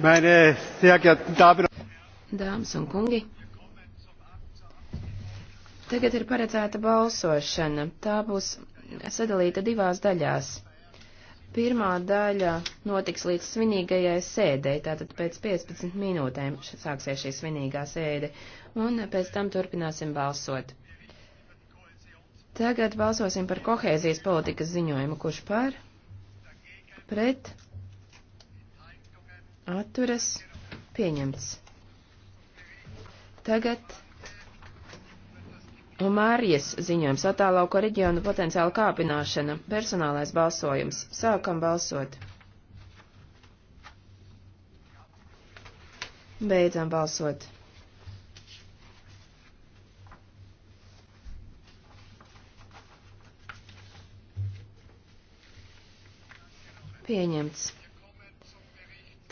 Meine sehr geehrten Damen und Dāmas un kungi, tagad ir paredzēta balsošana. Tā būs sadalīta divās daļās. Pirmā daļa notiks līdz svinīgajai sēdei, tātad pēc 15 minūtēm sāksies šī svinīgā sēde, un pēc tam turpināsim balsot. Tagad balsosim par kohēzijas politikas ziņojumu, kurš par, pret, atturas pieņemts. Tagad Mārijas ziņojums attālauko reģionu potenciāla kāpināšana, personālais balsojums. Sākam balsot. Beidzam balsot. Pieņemts.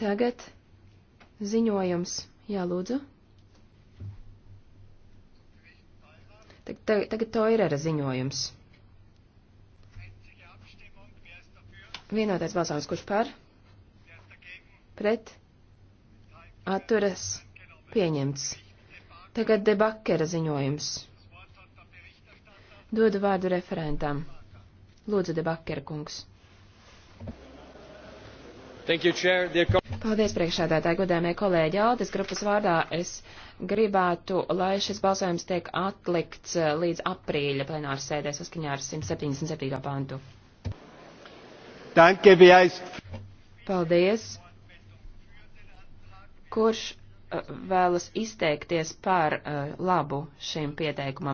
Tagad ziņojums. Jā, lūdzu. Tagad, tagad to ir ar ziņojums. Vienotais balsojums, kurš par? Pret? Atturas? Pieņemts. Tagad debakera ziņojums. Dodu vārdu referentam. Lūdzu, debakera kungs. You, Paldies priekšādātāji, godāmie kolēģi. Aldis grupas vārdā es gribētu, lai šis balsojums tiek atlikts eh, līdz aprīļa plenāras sēdē saskaņā ar 177. pantu. Danke, aiz... Paldies. Kurš eh, vēlas izteikties par uh, labu šim pieteikumam?